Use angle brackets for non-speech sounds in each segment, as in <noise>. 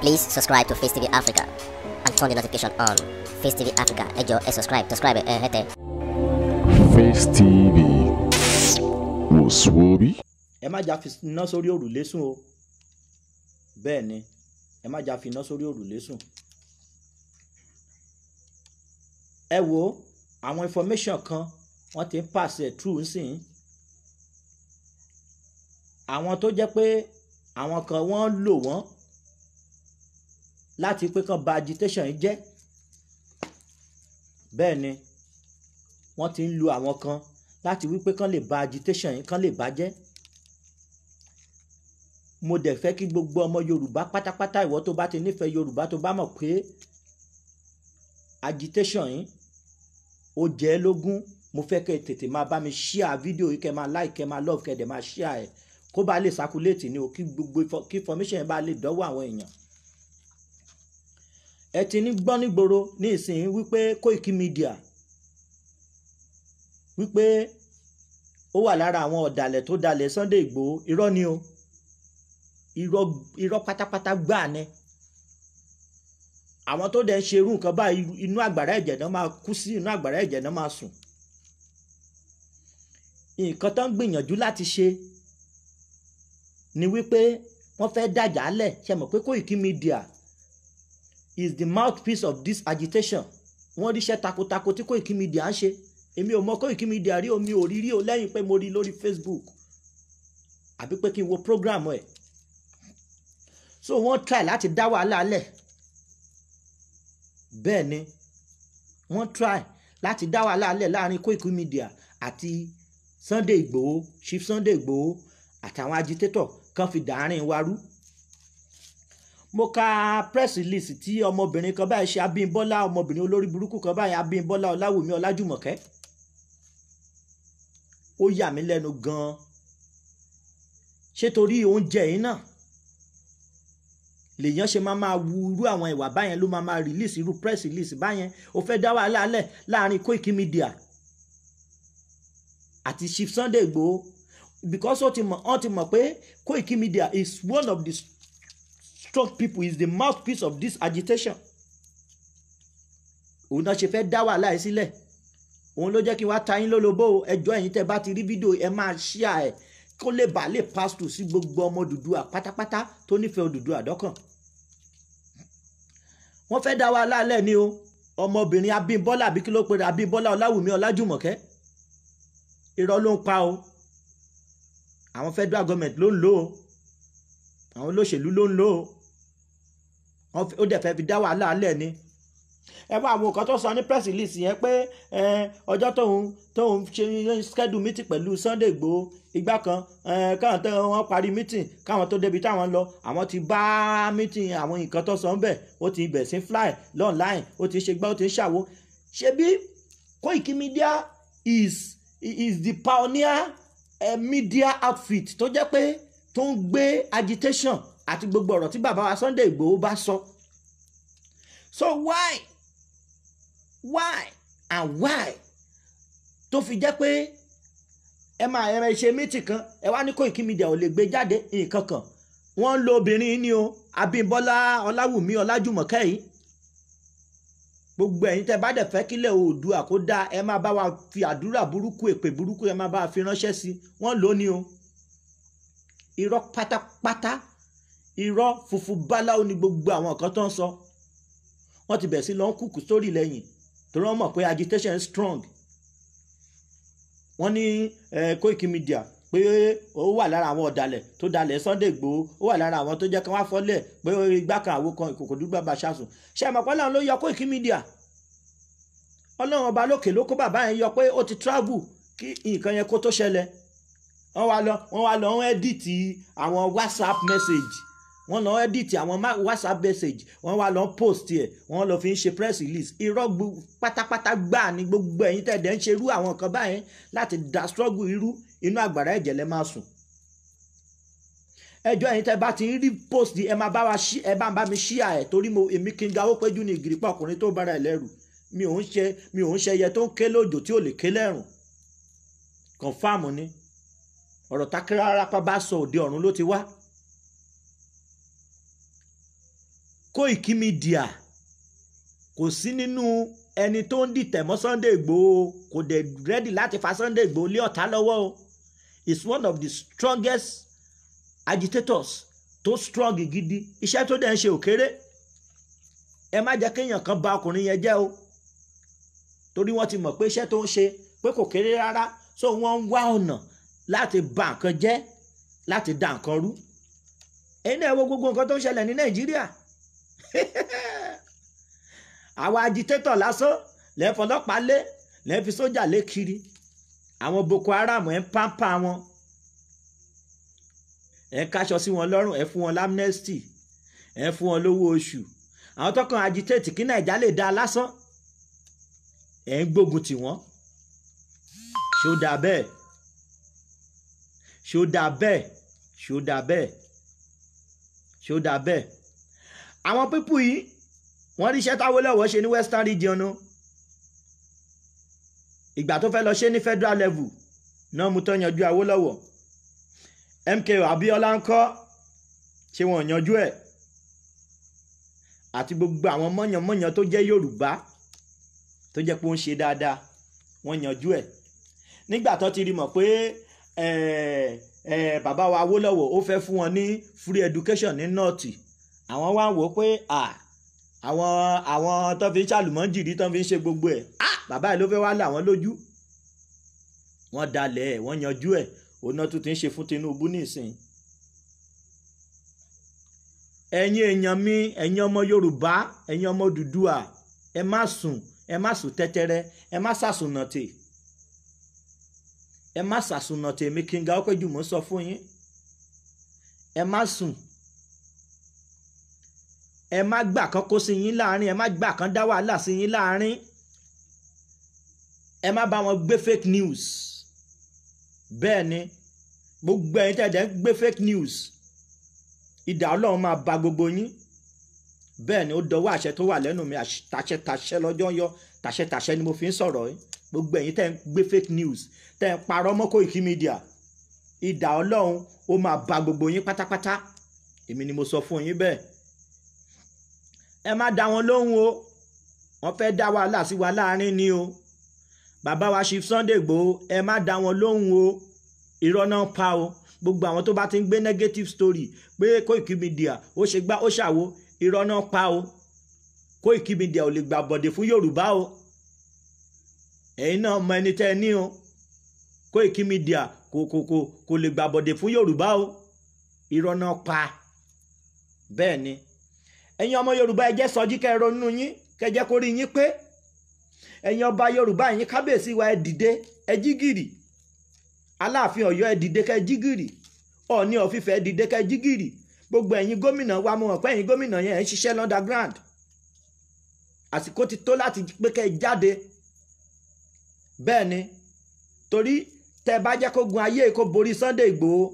Please subscribe to Face TV Africa and turn the notification on. Face TV Africa, ẹ jọ̀ọ́ subscribe, subscribe ẹ hẹ́tẹ̀. Face TV wò Emma orí. no sorry, you fi iná sórí òrùlé sùn o. Bẹ́ẹ̀ ni, ẹ má jà fi information come, wọ́n ti pass it through See, Àwọn tó jẹ́ pé àwọn kan wọ́n lò wọ́n láti pé kán ba agitation yìí jẹ́ bẹ́ẹ̀ ni wọ́n ti ń lu àwọn kan láti wípé kán lè ba agitation yìí kán lè bàjẹ́ mo dẹ̀ fẹ́ kí gbogbo ọmọ Yorùbá pátápátá ìwọ tó bá ti nífẹ̀ẹ́ Yorùbá tó bá mọ̀ pé agitation yìí ó jẹ́ lógún mo fẹ́ kẹ́ tètè máa bá mi ṣíà fídíò yìí kẹ́ máa like kẹ́ máa love kẹ́ dẹ̀ máa ṣíà ẹ̀ kó bá lè sakuléètì ni o kí gbogbo kí information yẹn bá lè dọ́wọ́ àwọn èèyàn ẹ ti ní gbọ́ nígboro ní ìsìn wípé Koiki Media wípé ó wà lára àwọn ọ̀dàlẹ̀ tó dalẹ̀ Sunday Igboho irọ́ ni o irọ́ irọ́ pátápátá gbáà ni àwọn tó dẹ̀ ń ṣerú nǹkan báyìí inú àgbàrá ẹ̀jẹ̀ náà máa kú sí inú àgbàrá ẹ̀jẹ̀ náà máa sùn nǹkan tó ń gbìyànjú láti ṣe ni wípé wọ́n fẹ́ dàjálẹ̀ ṣe mọ̀ pé Koiki Media is the mouthpiece of this agitation wọ́n ríṣẹ́ takotako tí Koiki Media ń ṣe èmi ò mọ Koiki Media rí omi ò rí o lẹ́yìn pé mo rí lórí Facebook àbí pé kí n wo program ẹ̀ so wọ́n try láti dá wàhálà lẹ̀ bẹ́ẹ̀ ni wọ́n try láti dá wàhálà lẹ̀ láàrin Koiki Media àti Sunday Igboho Chief Sunday Igboho àtàwọn agitator kan fi dàárín wa rú mo ka press release tí ọmọbìnrin kan báyìí ṣe Abímbọ́lá ọmọbìnrin olórí burúkú kan báyìí Abímbọ́lá Ọláwùmí Ọlájùmọ̀kẹ́ ó yà mí lẹ́nu gan-an ṣé torí oúnjẹ yìí náà lèèyàn ṣe máa máa wu irú àwọn ìwà báyẹn ló máa máa release irú press release báyẹn ó fẹ́ dá wàhálà lẹ̀ láàrin Koiki Media àti Chief Sunday Igboho because ó ti mọ̀ pé Koiki Media is one of the instruct people is the mouthpiece of this agitation òun náà ṣe fẹ́ dá wàhálà ẹ̀ sílẹ̀ òun ló jẹ́ kí n wá ta yín lólobó ẹjọ́ ẹ̀yin tẹ́ bá ti rí fídíò ẹ máa ṣíà ẹ̀ kó lè bàá lè pásítù sí gbogbo ọmọ Odùduwà pátápátá tó nífẹ̀ẹ́ Odùduwà dọ́kàn wọ́n fẹ́ dá wàhálà lẹ̀ ni o ọmọbìnrin Abímbọ́lá àbí kí ló pe Abímbọ́lá Ọláwùmí Ọlájùmọ̀kẹ́ irọ́ ló ń pa o àwọn federal government ló ń lò ó àwọn olóṣèlú ló ń lò ó ó dẹ̀ fẹ́ fi dá wàhálà alẹ́ ni ẹ bá àwọn nǹkan tó sọ ní press release yẹn pé ọjọ́ tóun tóun ṣe schedule meeting pẹ̀lú Sunday Igboho ìgbà kan káwọn tó wọn parí meeting káwọn tó débi táwọn lọ àwọn ti bá meeting àwọn nǹkan tó sọ ń bẹ̀ ó ti bẹ̀ sí fly online ó ti ṣe gbá ó ti ń ṣàwo ṣebí Koiki Media is is the pioneer uh, media outfit tó jẹ́ pé tó ń gbé agitation àti gbogbo ọ̀rọ̀ tí bàbá wa Sunday Ìgbòho bá sọ so why why and why tó fi jẹ́ pé ẹ máa ẹran ṣe mítì kan ẹ wá ní Koiki Media ò lè gbé jáde nǹkan kan wọ́n ń lo obìnrin ni o Abímbọ́lá Ọláwùmí Ọlájùmọ̀kẹ́ yìí gbogbo ẹ̀yin tẹ́ bá dẹ̀ fẹ́ kílẹ̀ Oòduà kó dáa ẹ máa bá wa fi àdúrà burúkú èpè burúkú ẹ máa bá wa fi ránṣẹ́ sí wọ́n lò ní o irọ́ pátápátá irọ́ funfun báláwo ni gbogbo àwọn nǹkan tó ń sọ wọ́n ti bẹ̀rẹ̀ sí lọ kùkù sórí lẹ́yìn torí wọ́n mọ̀ pé agitation strong wọ́n ní Koiki Media pé ó wà lára àwọn ọ̀dàlẹ̀ tó dalẹ̀ Sunday Igboho ó wà lára àwọn tó jẹ́ kí wọ́n fọ́lẹ̀ pé igbá kan àwo kan ìkòkò dúgbà bá ṣàṣùn ṣe é mọ̀pẹ́ láwọn ló yọ Koiki Media ọlọ́run ọba lókè ló kó bàbá yẹn yọ pé ó ti travel kí nǹkan yẹn kó tó ṣẹlẹ̀ wọ́n wá lọ wọ́n wá lọ ń ẹ́dìtì àwọn WhatsApp message wọ́n lọ edit àwọn whatsapp message wọ́n wá lọ post ẹ̀ wọ́n lọ fi ń ṣe press release irọ́ pátápátá gbà ní gbogbo ẹ̀yin tẹ̀dẹ̀ ń ṣerú àwọn kan báyẹn láti da struggle irú inú àgbàrá ẹ̀jẹ̀ lẹ́ máa sùn. ẹjọ́ ẹ̀yin tẹ́ bá ti ń rí post ẹ máa bá wa ṣí ẹ bá ń bá mi ṣí à torí mo èmi kí n gawó péjú ní ìgìrìpá ọkùnrin tó bára ẹ̀ lẹ́rù mi ò ń ṣe mi ò ń ṣe ẹyẹ tó ń ké lójò tí ò lè ké lẹ́rùn ọ̀rọ̀ takirára pa bá sọ òde ọ̀run ló ti wá Koiki Media kò sí nínú ẹni tó ń dìtẹ̀ mọ́ Sunday Igboho kò dẹ̀ rẹ́dì láti fa Sunday Igboho lé ọ̀tá lọ́wọ́ o is one of the strongest agitators tó strong gidi iṣẹ́ tó dẹ̀ ń ṣe òkéré ẹ má jẹ́ kéèyàn kan ba ọkùnrin yẹn jẹ́ o torí wọ́n ti mọ̀ pé iṣẹ́ tó ń ṣe pé kò kéré rárá so wọ́n ń wá ọ̀nà láti ba nǹkan jẹ́ láti da nǹkan rú ẹ̀yin náà wo gbogbo nǹkan tó ń ṣẹlẹ̀ ní Nàìjíríà <laughs> àwọn agitator lásán lẹ́fọlọ́pàá lé lẹ́fi sójà lé kiri àwọn Boko Haram ẹ̀ ń pàǹpà wọn ẹ̀ káṣọ sí wọn lọ́rùn ẹ̀ fún wọn lamnesty ẹ̀ fún wọn lówó oṣù àwọn tọkàn agitate kí Nàìjà lè dáa lásán ẹ̀ ń gbógun tì wọ́n ṣó dáa bẹ́ẹ̀ ṣó dáa bẹ́ẹ̀ ṣó dáa bẹ́ẹ̀ ṣó dáa bẹ́ẹ̀ àwọn pípù yìí wọ́n rí iṣẹ́ táwọ́lọ́wọ́ ṣe ní western region nu ìgbà tó fẹ́ lọ ṣe ní federal level náà mú tó yanjú Awólọ́wọ̀ MKO Abíọ́lá ń kọ́ ṣé wọ́n yanjú ẹ̀ àti gbogbo àwọn mọ̀yànmọ̀yàn tó jẹ́ Yorùbá tó jẹ́ pé ó ń ṣe dáadáa wọ́n yanjú ẹ̀ nígbà tó ti rí mọ̀ pé eh, eh, bàbá wa Awólọ́wọ̀ ó fẹ́ fún wọn ní free education ní nọ́ọ̀tì. No àwọn wá ń wò ó pé àwọn àwọn tó fi ń ṣàlùmọ́jìrì tó fi ń ṣe gbogbo ẹ̀ bàbá ẹ̀ ló fẹ́ wá là wọ́n lójú wọ́n dalẹ̀ ẹ̀ wọ́n yanjú ẹ̀ òun náà tún ti ń ṣe fún Tinubu nísìn ẹ̀yin èèyàn mi ẹ̀yin ọmọ Yorùbá ẹ̀yin ọmọ Odùduwà ẹ má sùn ẹ má sùn tẹ́tẹ́rẹ́ ẹ má sàsùnàtè ẹ má sàsùnàtè mi kí n ga ọ́ pé jùmọ̀ sọ fún yín ẹ má sùn ẹ má gbà kan kó sí yín láàrin ẹ má gbà kan dá wàhálà sí yín láàrin ẹ má bá wọn gbé fake news bẹ́ẹ̀ ni gbogbo ẹ̀yin tẹ̀dẹ̀ ń gbé fake news ìdá ọlọ́run máa ba gbogbo yín bẹ́ẹ̀ ni ó dọwọ́ àṣẹ tó wà lẹ́nu mi tàṣẹtàṣẹ lọ́jọ́ yọ tàṣẹtàṣẹ ni mo fi ń sọ̀rọ̀ yìí gbogbo ẹ̀yin tẹ̀ ń gbé fake news tẹ̀ ń parọ́ mọ́ Koiki Media ìdá ọlọ́run ó máa ba gbogbo yín pátápátá èmi ni mo sọ fún yín bẹ́ẹ̀ ẹ má dá wọn lóhùn o wọ́n fẹ́ dá wàhálà sí wa láàrin ni o bàbá wa Chief Sunday Igboho ẹ má dá wọn lóhùn o irọ́ náà pa o gbogbo àwọn tó bá ti ń gbé negative story pé Koiki Media ó ṣe gbá ó ṣàwo irọ́ náà pa o Koiki Media ò lè gbà bọ̀dẹ̀ fún Yorùbá o ẹ̀yin náà mọ ẹni tẹ́ ẹ ní o Koiki Media kò kò lè gbà bọ̀dẹ̀ fún Yorùbá o irọ́ náà pa bẹ́ẹ̀ ni ẹ̀yin ọmọ yorùbá ẹ jẹ́ sọjí kẹ́ ronú yín kẹ́ jẹ́ kó rí yín pé ẹ̀yin ọba yorùbá yín kábíyèsí wa ẹ dìde ẹ jí gìrì aláàfin ọ̀yọ́ ẹ dìde kẹ́ jí gìrì ọọ̀ni ọ̀fífẹ́ ẹ dìde kẹ́ jí gìrì gbogbo ẹ̀yin gómìnà wa mo hàn pé ẹ̀yin gómìnà yẹn ń ṣiṣẹ́ underground àsìkò ti tó láti pé kẹ́ jáde bẹ́ẹ̀ ni torí tẹ́ bá jẹ́ kó gun ayé kó borí Sunday Ìgbòho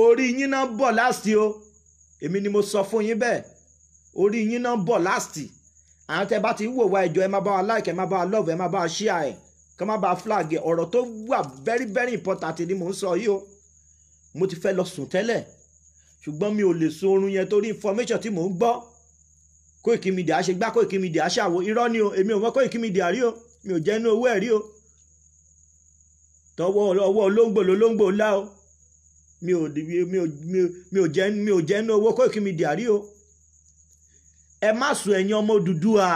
orí yín náà bọ̀ láti èmi ni mo sọ fún yín bẹ́ẹ̀ orí yín náà bọ̀ láàsì àwọn tẹ́ bá ti wò wá ìjọ ẹ má bá wa like ẹ má bá wa love ẹ má bá wa share ẹ kọ́ má bá flag ẹ ọ̀rọ̀ tó wà very very important ni mò ń sọ yìí o mo ti fẹ́ lọ sùn tẹ́lẹ̀ ṣùgbọ́n mi ò lè sun oorun yẹn torí information tí mò ń gbọ́ Koiki Media ṣe gbá Koiki Media ṣàwo irọ́ ni o èmi ò mọ Koiki Media rí o mi ò jẹ́ inú owó ẹ̀ o tọwọ́ ọwọ́ olóńgbò lolóńgbò ńlá o mi ò mi ò mi ò jẹ́ mi ò jẹ́ ní owó Koiki Media rí o ẹ má sùn ẹ̀yin ọmọ Odùduwà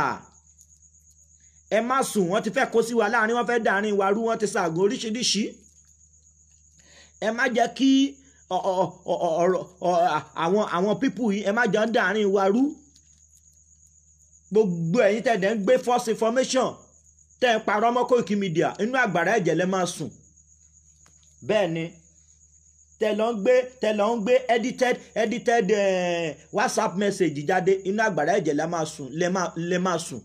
ẹ má sùn wọ́n ti fẹ́ kó sí wa láàrin wọ́n fẹ́ dàárín wa rú wọ́n ti ṣàgùn oríṣiríṣi ẹ má jẹ́ kí àwọn àwọn pípù yìí ẹ má jọ ń dàárín wa rú gbogbo ẹ̀yin tẹ̀dẹ̀ ń gbé false information tẹ̀ ń parọ́ mọ́ Koiki Media inú àgbàrá ẹ̀jẹ̀ lẹ́ máa sùn bẹ́ẹ̀ ni tẹ̀lọ́ ń gbé tẹ̀lọ́ ń gbé edited edited eh, whatsapp message jáde inú àgbàrá ẹ̀jẹ̀ lẹ́ máa sùn lẹ́ máa sùn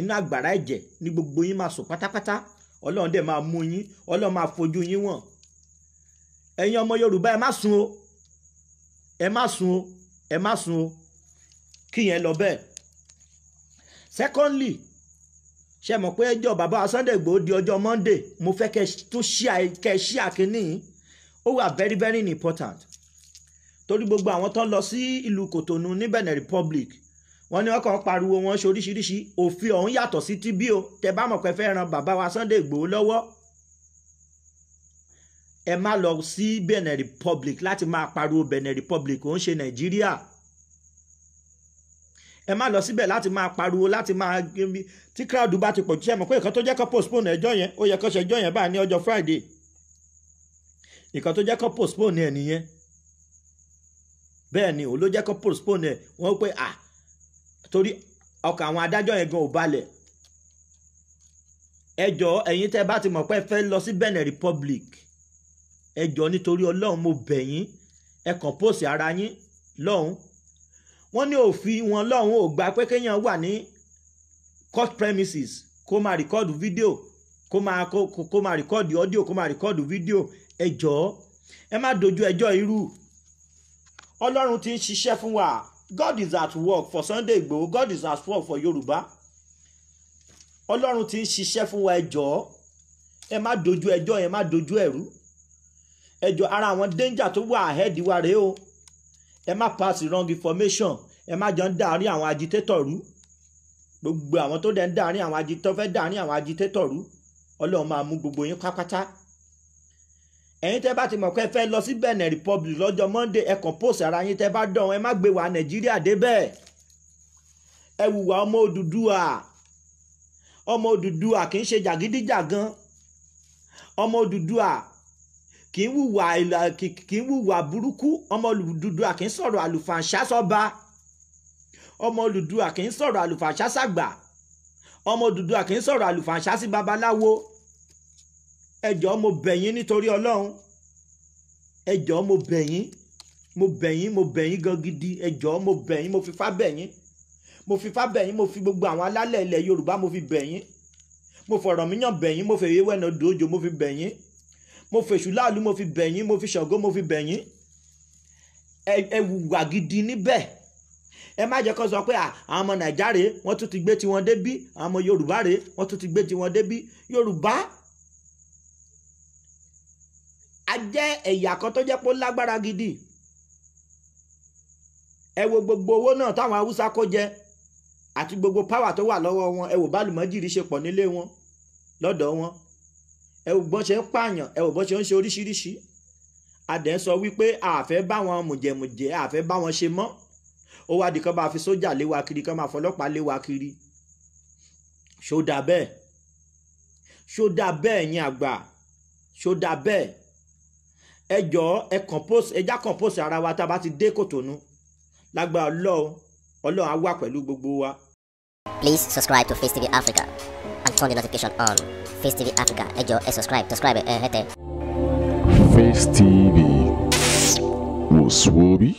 inú àgbàrá ẹ̀jẹ̀ ní gbogbo yín máa sùn pátápátá ọlọ́run dẹ̀ máa mú yín ọlọ́run máa fojú yín wọ̀n ẹ̀yin ọmọ yorùbá ẹ má sùn o ẹ má sùn o ẹ má sùn o kí yẹn lọ bẹ́ẹ̀ secondly ṣe mọ̀ pé ẹjọ́ bàbá Sunday Igboho di ọjọ́ Monday mo fẹ́ kẹ́ tó ṣíà kẹ́ ṣíà kínní ó wà very very important torí gbogbo àwọn tó lọ sí ìlú Kòtònú ní Benin Republic wọ́n ní ọkọ̀ pariwo wọn ṣe oríṣiríṣi òfin ọ̀hún yàtọ̀ sí ti bí o tẹ bá mọ̀ pé fẹ́ ran bàbá wa Sunday Ìgbòho lọ́wọ́ ẹ má lọ sí Benin Republic láti máa pariwo Benin Republic ó ń ṣe Nàìjíríà ẹ má lọ síbẹ̀ láti máa pariwo láti máa tí crowd bá ti pọ̀ jù ṣe mọ̀ pé ìkan tó jẹ́ kó postpone ẹjọ́ yẹn ó yẹ kó ṣẹjọ́ yẹn báyìí ní ọjọ́ Friday ìkan tó jẹ́ kó postpone ẹ̀ nìyẹn bẹ́ẹ̀ ni òun ló jẹ́ kó postpone ẹ̀ wọ́n pé à torí ọkàn àwọn adájọ́ yẹn gan ò balẹ̀ ẹ jọ̀ọ́ ẹ̀yin tẹ́ bá ti mọ̀ pé ẹ fẹ́ lọ sí Benin Republic ẹ jọ̀ọ́ nítorí Ọlọ́run mo bẹ̀ yín ẹ kàn post ara yín lọ́hùn wọ́n ní òfin wọn lọ́hùn ò gba pé kéèyàn wà ní court premises kó máa rìkọ́ọ̀dù fídíò kó máa kó máa rìkọ́ọ̀dù ọ́díò kó máa rìkọ́ọ̀dù fídíò ẹ jọ̀ọ́ ẹ má dojú ẹjọ́ irú ọlọ́run ti ń ṣiṣẹ́ fún wa God is at work for Sunday Igboho God is at work for Yorùbá ọlọ́run ti ń ṣiṣẹ́ fún wa ẹ jọ̀ọ́ ẹ má dojú ẹjọ́ yẹn má dojú ẹ̀rú ẹ ara àwọn danger tó wà àhẹ́dì wa rèé o ẹ má pass wrong information ẹ má jọ ń dàárín àwọn agitator rú gbogbo àwọn tó dẹ̀ ń dàárín àwọn agitator fẹ́ dàárín àwọn agitator rú ọlọ́run máa mú gbogbo yín pátápátá ẹ̀yin tẹ́ bá ti mọ̀ pé ẹ fẹ́ lọ sí Benin Republic lọ́jọ́ Monday ẹ kàn post ara yín tẹ́ bá dán ẹ má gbé wa Nàìjíríà débẹ̀ ẹ wùwà ọmọ Odùduwà ọmọ Odùduwà kì í ṣe jàgídíjàgan ọmọ Odùduwà kì í wùwà kì í wùwà burúkú ọmọ Odùduwà kì í sọ̀rọ̀ àlùfàǹṣá sọ́ba ọmọ Odùduwà kì í sọ̀rọ̀ àlùfàǹṣá sàgbà ọmọ Odùduwà kì í sọ̀rọ̀ àlùfàǹṣá sí babaláwo ẹ jọ̀ọ́ mo bẹ̀ yín nítorí ọlọ́run ẹ jọ̀ọ́ mo bẹ̀ yín mo bẹ̀ yín mo bẹ̀ yín gan gidi ẹ jọ̀ọ́ mo bẹ̀ yín mo fipá bẹ̀ yín mo fipá bẹ̀ yín mo fi gbogbo àwọn alálẹ̀ ilẹ̀ yorùbá mo fi bẹ̀ yín mo fọ̀rọ̀ míyàn bẹ̀ yín mo fi ewé wẹ̀nà dòjò mo fi bẹ̀ yín mo fèṣù láàlú mo fi bẹ̀ yín mo fi ṣàngó mo fi bẹ̀ yín ẹ wùwà gidi níbẹ̀ ẹ má jẹ́ kó sọ pé àwọn ọmọ nàìjà rèé wọ́n tún ti gbé tiwọn débí àwọn ọmọ yorùbá rèé wọ́n tún ti gbé tiwọn débí yorùbá a jẹ́ ẹ̀yà kan tó jẹ́ pé ó lágbára gidi ẹ wo gbogbo owó náà táwọn haúsá kó jẹ àti gbogbo páwà tó wà lọ́wọ́ wọn ẹ wò bálùmọ́jìrì ṣe pọ̀ nílé wọn lọ́dọ̀ wọn ẹ wò bọ́n ṣe ń pààyàn ẹ wò bọ́n ṣe ń ṣe oríṣiríṣi adẹ̀ ń sọ wípé àfẹ́ bá wọn mùjẹ̀mùjẹ̀ àfẹ́ bá wọn ṣe mọ́ ó wá di kán bá fi sójà lé wa kiri kán máa fọlọ́pàá lé wa kiri ṣó dà bẹ́ẹ̀ ṣó dà bẹ́ẹ̀ yín àgbà ṣó dà bẹ́ẹ̀ ẹ ẹ compose ẹ já ara wa tá a bá ti dé kòtònú lágbára ọlọ́run ọlọ́run á wà pẹ̀lú gbogbo wa. Please subscribe to Face TV Africa and turn the notification on. Face TV Africa ẹ ẹ subscribe subscribe ẹ hẹ́tẹ̀. Face TV wò sùn orí.